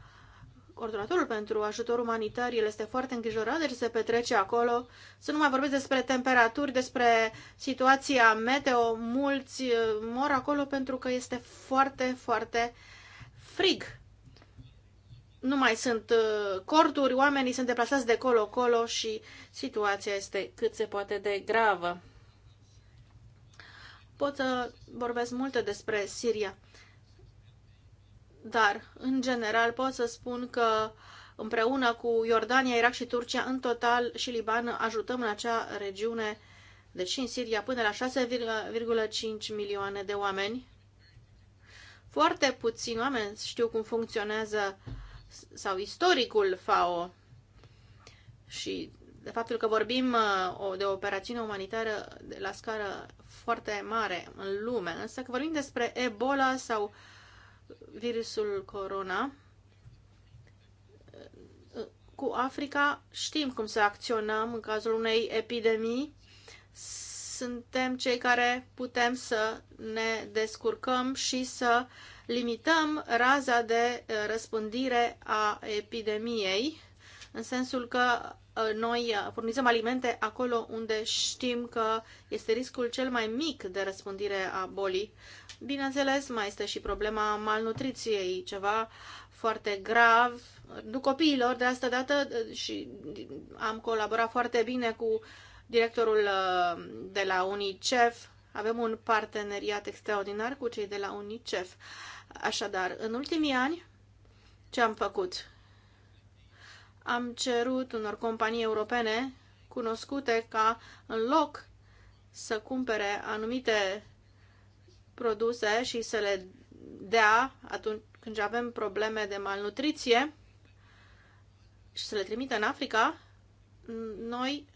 Coordonatorul pentru ajutor umanitar, el este foarte îngrijorat de deci ce se petrece acolo. Să nu mai vorbesc despre temperaturi, despre situația meteo. Mulți uh, mor acolo pentru că este foarte, foarte frig nu mai sunt uh, corturi, oamenii sunt deplasați de colo-colo și situația este cât se poate de gravă. Pot să vorbesc multe despre Siria, dar, în general, pot să spun că împreună cu Iordania, Irak și Turcia, în total și Liban, ajutăm în acea regiune, deci în Siria, până la 6,5 milioane de oameni. Foarte puțini oameni știu cum funcționează uh, sau istoricul FAO și de faptul că vorbim uh, de o operațiune umanitară de la scară foarte mare în lume, însă că vorbim despre Ebola sau virusul corona, uh, cu Africa știm cum să acționăm în cazul unei epidemii. Suntem cei care putem să ne descurcăm și să uh, limităm raza de uh, răspândire a epidemiei, în sensul că uh, noi uh, furnizăm alimente acolo unde știm că este riscul cel mai mic de răspândire a bolii. Bineînțeles, mai este și problema malnutriției, ceva foarte grav. Du copiilor de asta dată și am colaborat foarte bine cu directorul de la UNICEF. Avem un parteneriat extraordinar cu cei de la UNICEF. Așadar, în ultimii ani, ce am făcut? Am cerut unor companii europene cunoscute ca în loc să cumpere anumite produse și să le dea atunci când avem probleme de malnutriție și să le trimită în Africa, noi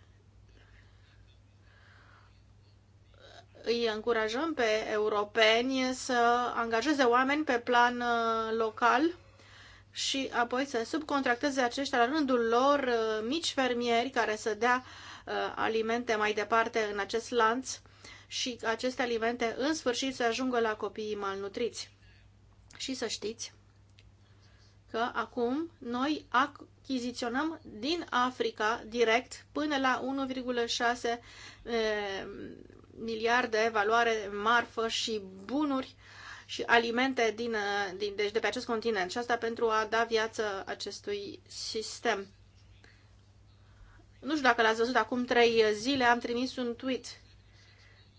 îi încurajăm pe europeni să angajeze oameni pe plan uh, local și apoi să subcontracteze aceștia la rândul lor uh, mici fermieri care să dea uh, alimente mai departe în acest lanț și aceste alimente în sfârșit să ajungă la copiii malnutriți. Și să știți că acum noi achiziționăm din Africa direct până la 1,6 miliarde valoare marfă și bunuri și alimente din, uh, din, deci de pe acest continent și asta pentru a da viață acestui sistem. Nu știu dacă l-ați văzut, acum trei zile am trimis un tweet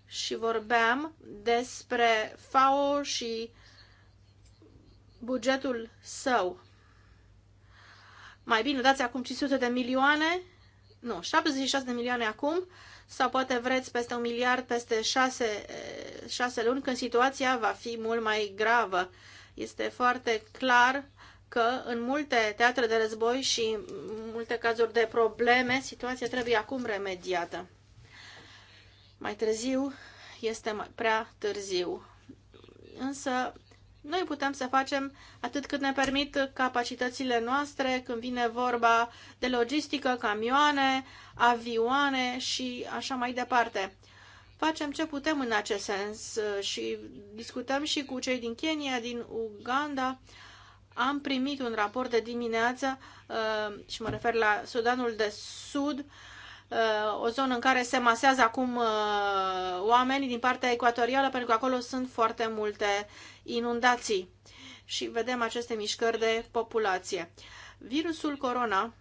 și vorbeam despre FAO și bugetul său. Mai bine dați acum 500 de milioane, nu, 76 de milioane acum sau poate vreți peste un miliard peste șase, șase luni, când situația va fi mult mai gravă. Este foarte clar că în multe teatre de război și în multe cazuri de probleme, situația trebuie acum remediată. Mai târziu este prea târziu. Însă noi putem să facem atât cât ne permit capacitățile noastre când vine vorba de logistică, camioane, avioane și așa mai departe. Facem ce putem în acest sens uh, și discutăm și cu cei din Kenya, din Uganda. Am primit un raport de dimineață uh, și mă refer la Sudanul de Sud Uh, o zonă în care se masează acum uh, oamenii din partea ecuatorială, pentru că acolo sunt foarte multe inundații și vedem aceste mișcări de populație. Virusul corona,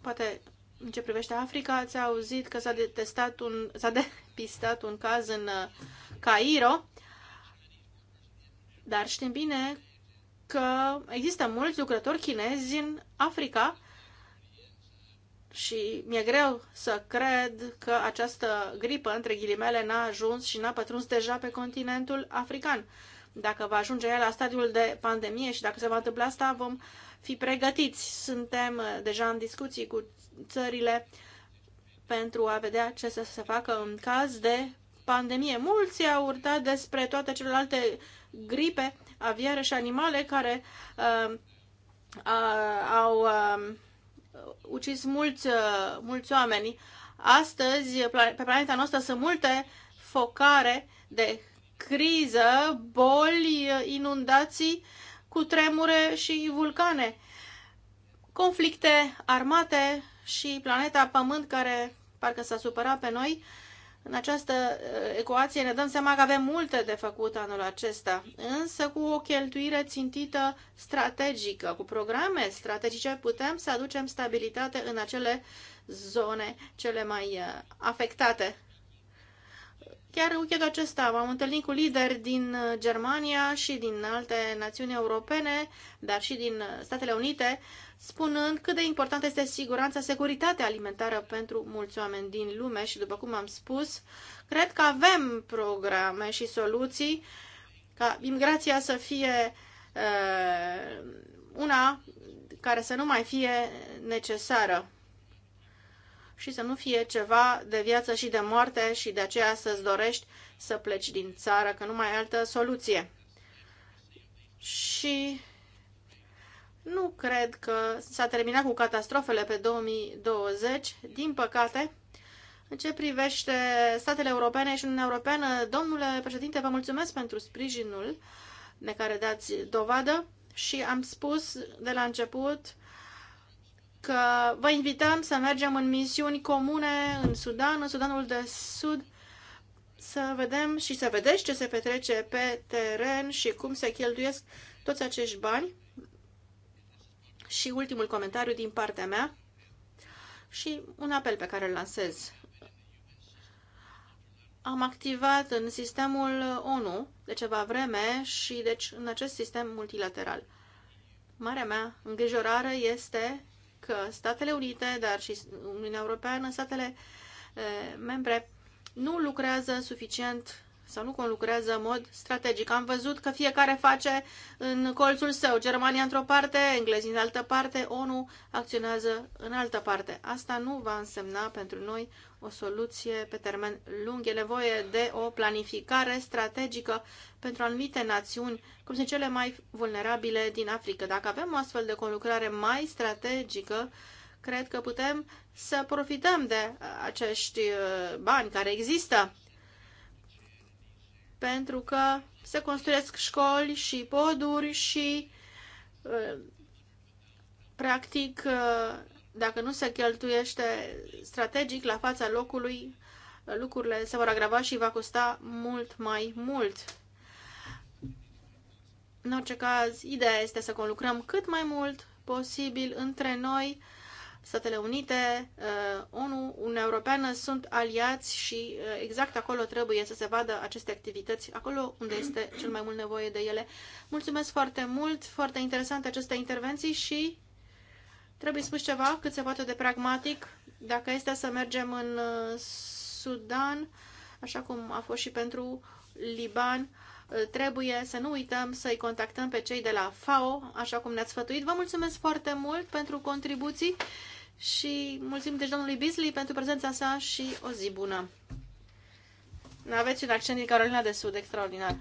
poate în ce privește Africa, ați auzit că s-a detestat un, s-a depistat un caz în uh, Cairo, dar știm bine că există mulți lucrători chinezi în Africa și mi-e greu să cred că această gripă, între ghilimele, n-a ajuns și n-a pătruns deja pe continentul african. Dacă va ajunge ea la stadiul de pandemie și dacă se va întâmpla asta, vom fi pregătiți. Suntem uh, deja în discuții cu țările pentru a vedea ce să se facă în caz de pandemie. Mulți au urtat despre toate celelalte gripe aviare și animale care uh, uh, au uh, Uh, ucis mulți, uh, mulți oameni. Astăzi, pe planeta noastră sunt multe focare de criză, boli, uh, inundații, cu tremure și vulcane, conflicte armate și planeta Pământ care parcă s-a supărat pe noi, în această uh, ecuație ne dăm seama că avem multe de făcut anul acesta, însă cu o cheltuire țintită strategică, cu programe strategice, putem să aducem stabilitate în acele zone cele mai uh, afectate Chiar în weekendul acesta m-am întâlnit cu lideri din uh, Germania și din alte națiuni europene, dar și din uh, Statele Unite, spunând cât de importantă este siguranța, securitatea alimentară pentru mulți oameni din lume și, după cum am spus, cred că avem programe și soluții ca imigrația să fie uh, una care să nu mai fie necesară și să nu fie ceva de viață și de moarte și de aceea să-ți dorești să pleci din țară, că nu mai ai altă soluție. Și nu cred că s-a terminat cu catastrofele pe 2020. Din păcate, în ce privește statele europene și Uniunea Europeană, domnule președinte, vă mulțumesc pentru sprijinul de care dați dovadă și am spus de la început că vă invităm să mergem în misiuni comune în Sudan, în Sudanul de Sud, să vedem și să vedeți ce se petrece pe teren și cum se cheltuiesc toți acești bani. Și ultimul comentariu din partea mea și un apel pe care îl lansez. Am activat în sistemul ONU de ceva vreme și deci în acest sistem multilateral. Marea mea îngrijorare este că Statele Unite, dar și Uniunea Europeană, statele eh, membre, nu lucrează suficient sau nu conlucrează în mod strategic. Am văzut că fiecare face în colțul său. Germania într-o parte, englezii în altă parte, ONU acționează în altă parte. Asta nu va însemna pentru noi o soluție pe termen lung. E nevoie de o planificare strategică pentru anumite națiuni, cum sunt cele mai vulnerabile din Africa. Dacă avem o astfel de conlucrare mai strategică, cred că putem să profităm de acești uh, bani care există pentru că se construiesc școli și poduri și uh, practic uh, dacă nu se cheltuiește strategic la fața locului, lucrurile se vor agrava și va costa mult mai mult. În orice caz, ideea este să conlucrăm cât mai mult posibil între noi Statele Unite, uh, ONU, Uniunea Europeană sunt aliați și uh, exact acolo trebuie să se vadă aceste activități, acolo unde este cel mai mult nevoie de ele. Mulțumesc foarte mult, foarte interesante aceste intervenții și trebuie spus ceva cât se poate de pragmatic. Dacă este să mergem în uh, Sudan, așa cum a fost și pentru Liban, trebuie să nu uităm să-i contactăm pe cei de la FAO, așa cum ne-ați sfătuit. Vă mulțumesc foarte mult pentru contribuții și mulțumim deci domnului Beasley pentru prezența sa și o zi bună. Aveți un accent din Carolina de Sud extraordinar.